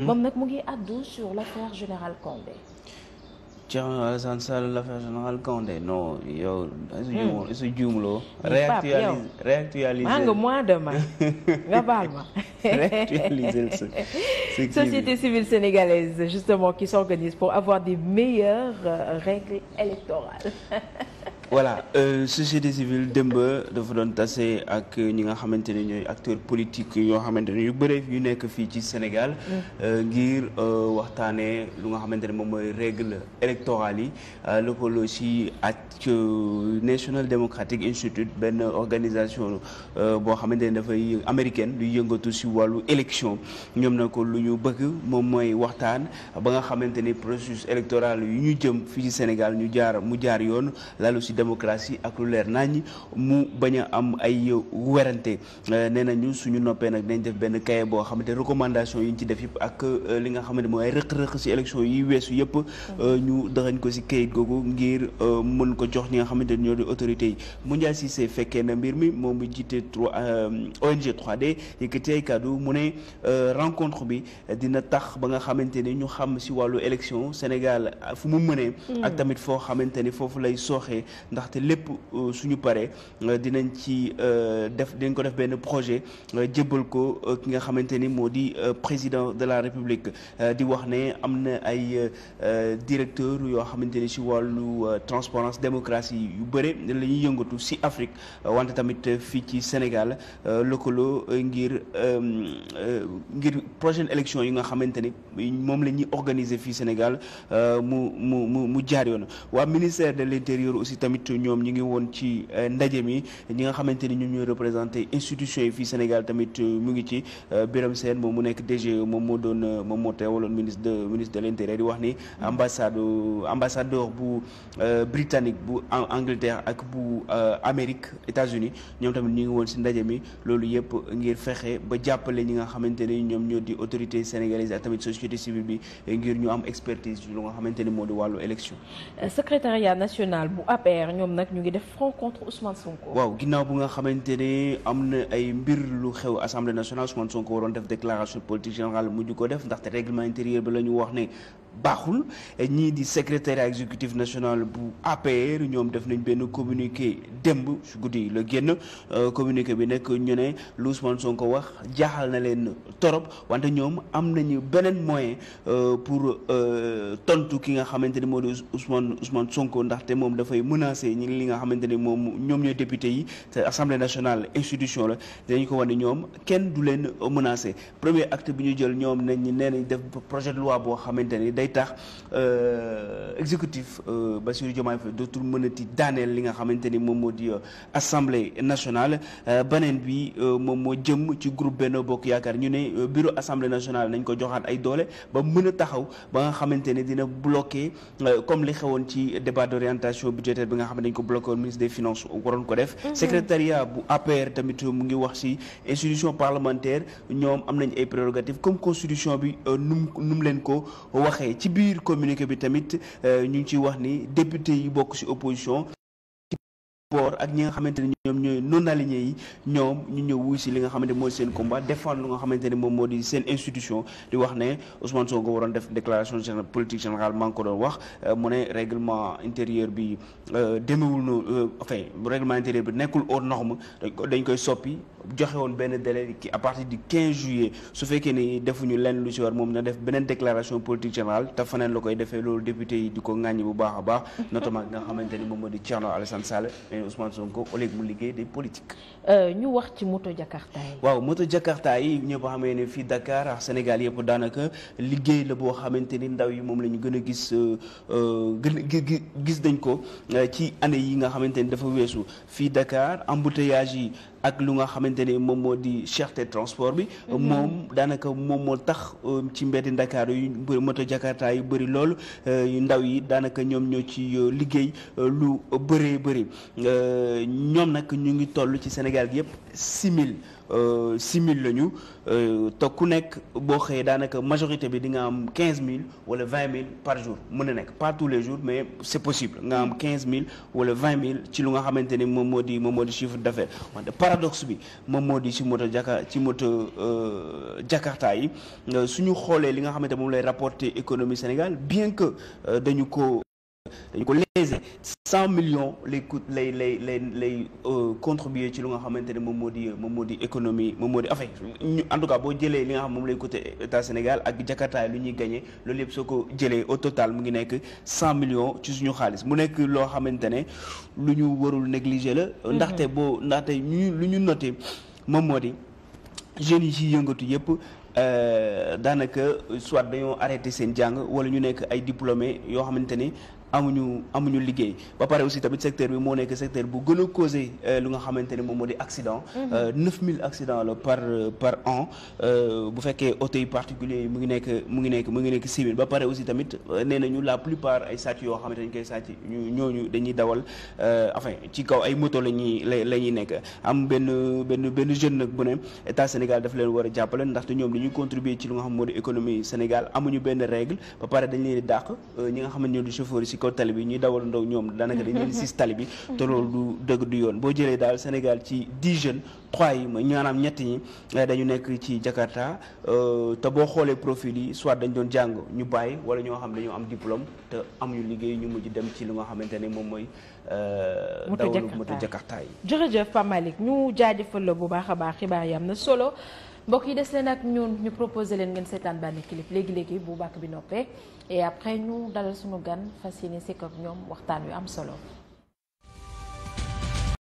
moom nag mu ngi àddu sur l'affaire générale Condé. Thierno Alassane Sall l'affaire générale Condé non yow. su su juumloo. réactualiser réactualiser nga mois de le société civile sénégalaise justement qui s'organise pour avoir des meilleures euh, règles électorales. voilà euh, société civile démb dafa doon tase ak ñi nga xamante ne ñooy acteurs politiques yoo xamante ne yu bëre yu nekk fii ci Sénégal. Mm. Euh, ngir euh, waxtaanee lu nga xamante ne moom mooy règle électorale yi lëkkaloo ci ak National Democratic Institute benn organisation boo xamante ne dafay américaine luy yëngatu si wàllu élection ñoom na ko lu ñu bëgg moom mooy waxtaan ba nga xamante ni processus électoral yu ñu jëm fii ci Sénégal ñu jaar mu jaar yoon lalu démocratie ak lu leer naa ñi mu bañ am ay werante euh, nee ñu suñu noppee nag dañ def benn cahier boo xamante recommandation yi ñu ci def yëpp ak euh, li nga xamante mooy rëq-rëq si élection yi weesu yëpp mm-hmm. euh, ñu dëxañ ko si kayit googu ngir mën ko jox ñi nga xamante ñoo di autorité yi Moundial Cissé fekkee na mbir mi moom mu jiite 3 ONG 3D yëkkati mu ne rencontre bi dina tax ba nga xamante ni ñu xam si wàllu élection Sénégal fu mu mënee mm-hmm. ak tamit foo xamante ni foofu lay sooxee ndaxte lépp euh, suñu paree euh, dinañ ci euh, def dinañ ko def benn projet jébbal ko ki nga xamante ni moo di président de la république di wax ne am na ay directeur yoo xamante ni si wàllu transparence démocratie yu bëre la ñuy yëngatu si Afrique wante tamit fii ci Sénégal lëkkaloo ngir ngir prochaine élection yi nga xamante ni moom la ñuy organiser fii Sénégal mu mu mu mu jaar yoon waa ministère de l'intérieur aussi tamit tamit ñoom ñi ngi woon ci euh, ndaje mi ñi nga xamante ni ñoom ñooy représenté institution yi fii Sénégal tamit euh, mu ngi ci euh, Birame Sène moom mu nekk DG moom moo doon moom moo teewaloon ministre de ministre de l'intérieur di wax ni ambassade ambassadeur bu britannique bu Angleterre ak bu Amérique États-Unis ñoom tamit ñu ngi woon si ndaje mi loolu yëpp ngir fexe ba jàppale ñi nga xamante ni ñoom ñoo di autorité sénégalaise ak tamit société civile bi ngir ñu am expertise lu nga xamante ni moo di wàllu élection secrétariat national bu APR Babacar ñoom nag ñu ngi def front contre Ousmane Sonko. waaw ginnaaw bu nga xamante ne am na ay mbir lu xew assemblée nationale Ousmane Sonko waroon def déclaration politique générale mujj ko def ndaxte règlement intérieur bi la ñu wax ne. baaxul ñii di secrétaire exécutif national bu APR ñoom def nañ benn communiqué démb su guddi la génn euh, communiqué bi nag ñu ne lu Ousmane Sonko wax jaaxal na leen torop wante ñoom am nañu beneen moyen euh, pour euh, tontu ki nga xamante ni moo di Ousmane Ousmane Sonko ndaxte moom dafay menacer ñi li nga xamante ni moom ñoom ñooy député yi te assemblée nationale institution la dañu ko wane ñoom kenn du leen menacer premier acte bi ñu jël ñoom nañ nee def projet de loi xamante day tax euh, exécutif euh, Bassirou Diomaye Faye dootul mënati daaneel li nga xamante ni moom moo di euh, assemblée nationale beneen bi moom moo jëm ci groupe benn Bokk Yaakaar ñu ne bureau assemblée nationale nañ ko joxaat ay doole ba mën a taxaw ba nga xamante ne dina bloqué comme li xewoon ci débat d'orientation budgétaire bi nga xam ne dañ ko bloqué woon ministre des finances waroon ko def mm-hmm. secrétariat bu APR tamit mu ngi wax ci institution parlementaire ñoom am nañ ay prérogatives comme bi ci biir communiqué bi tamit euh, ñu ngi ciy wax ni député yi bokk ci opposition boor ak ñi nga xamante ne ñoom ñooy non aligné yi ñoom ñu ñëw wuy si li nga xamante mooy seen combat défendre lu nga xamante ne moom moo di seen institution di wax ne Ousmane Sonko waroon def déclaration générale politique générale maa ngi ko doon wax euh, mu ne règlement intérieur bi euh, demewul noonu euh, enfin règlement intérieur bi nekkul aux normes dañ koy soppi joxe woon benn délai à partir du 15 juillet su fekkee ni defuñu lenn lu si war moom na def beneen déclaration politique générale te faneen la koy defee loolu député yi di ko ŋàññi bu baax a nga xamante ni moom moo di Thierno Alassane accompagner Ousmane Sonko au lieu mu liggéey des politiques. Euh, ñu wax ci moto Jakarta yi. waaw moto Jakarta yi ñëpp xamee ne fii Dakar ak Sénégal yëpp daanaka liggéey la boo xamante ni ndaw yi moom lañu ñu gën a gis euh, gën a gis dañ ko euh, ci année yi nga xamante ni dafa weesu fii Dakar embouteillage yi. ak lu nga xamante ne moom moo di cherté transport bi. Mhm. moom daanaka moom moo tax euh, ci mbeddi ndakaaru yu bëri moto Jakarta yu bëri lool euh, ndaw yi daanaka ñoom ñoo ci euh, liggéey lu bëree bëri ñoom nag ñu ngi toll ci Sénégal gi yëpp. six mille euh, six mille la ñu euh, te ku nekk boo xëyee daanaka majorité bi di nga am quinze mille wala vingt par jour mën na nekk pas tous les jours mais c'est possible nga am quinze mille wala vingt mille ci lu nga xamante ni moom moo di moom moo di chiffre d'affaires wante paradoxe bi moom moo di ci moto ci moto euh, Jakarta yi suñu xoolee li nga xamante moom lay rapporter économie Sénégal bien que dañu ko dañ ko léser cent million lay coûte lay lay lay lay euh, contribuer ci lu nga xamante ne moom moo di moom di économie moom moo di affaire ñu en boo jëlee li nga xam moom lay coûter état Sénégal ak Jakarta lu ñuy gagné loolu yëpp soo ko jëlee au total mu ngi nekk cent millions ci suñu xaalis mu nekk loo xamante ne lu ñu warul négliger la mhm. ndaxte boo ndaxte ñu lu ñu notee moom moo di jeunes yi ci yëngatu yëpp euh, daanaka soit dañoo arrêté seen jàng wala ñu nekk ay diplômé yoo xamante ni amuñu amuñu liggéey ba pare aussi tamit secteur bi moo nekk secteur bu gën a causé euh, lu nga xamante ne moom moo di accident. 9000 mhm. euh, accidents la par euh, par an bu fekkee oto yi particulier yi mu ngi nekk mu ngi nekk mu ngi nekk 6000 ba pare aussi tamit nee nañu la plupart ay sàcc yoo xamante dañ koy sàcc ñu ñooñu dañuy dawal enfin ci kaw ay moto la ñuy la ñuy nekk am benn benn benn jeune nag bu ne état Sénégal daf leen war a jàppale ndaxte ñoom li ñuy contribuer ci lu xam moo di économie Sénégal amuñu benn règle ba pare ko tali bi ñuy dawal ndaw ñoom daanaka dañ leen siis tali bi te loolu du dëgg du yoon boo jëlee daal Sénégal ci dix jeunes trois yi ma ñaanaam ñett ñi eh, dañu nekk ci Jakarta euh, te boo xoolee profil yi soit dañ doon jàng ñu bàyyi wala ñoo xam dañoo am diplôme te amuñu liggéey ñu mujj dem ci li nga xamante ne moom mooy dawalu moto jakarta yi jërëjëf Pape ñu jaajëfal bu baax a baax xibaar yi am na solo mbokk yi des leen ak ñu ñu proposé leen ngeen seetaan benn clip léegi-léegi bu bàkk bi noppee et après ñu dalal suñu gan fas yéene sekk ak ñoom waxtaan wi am solo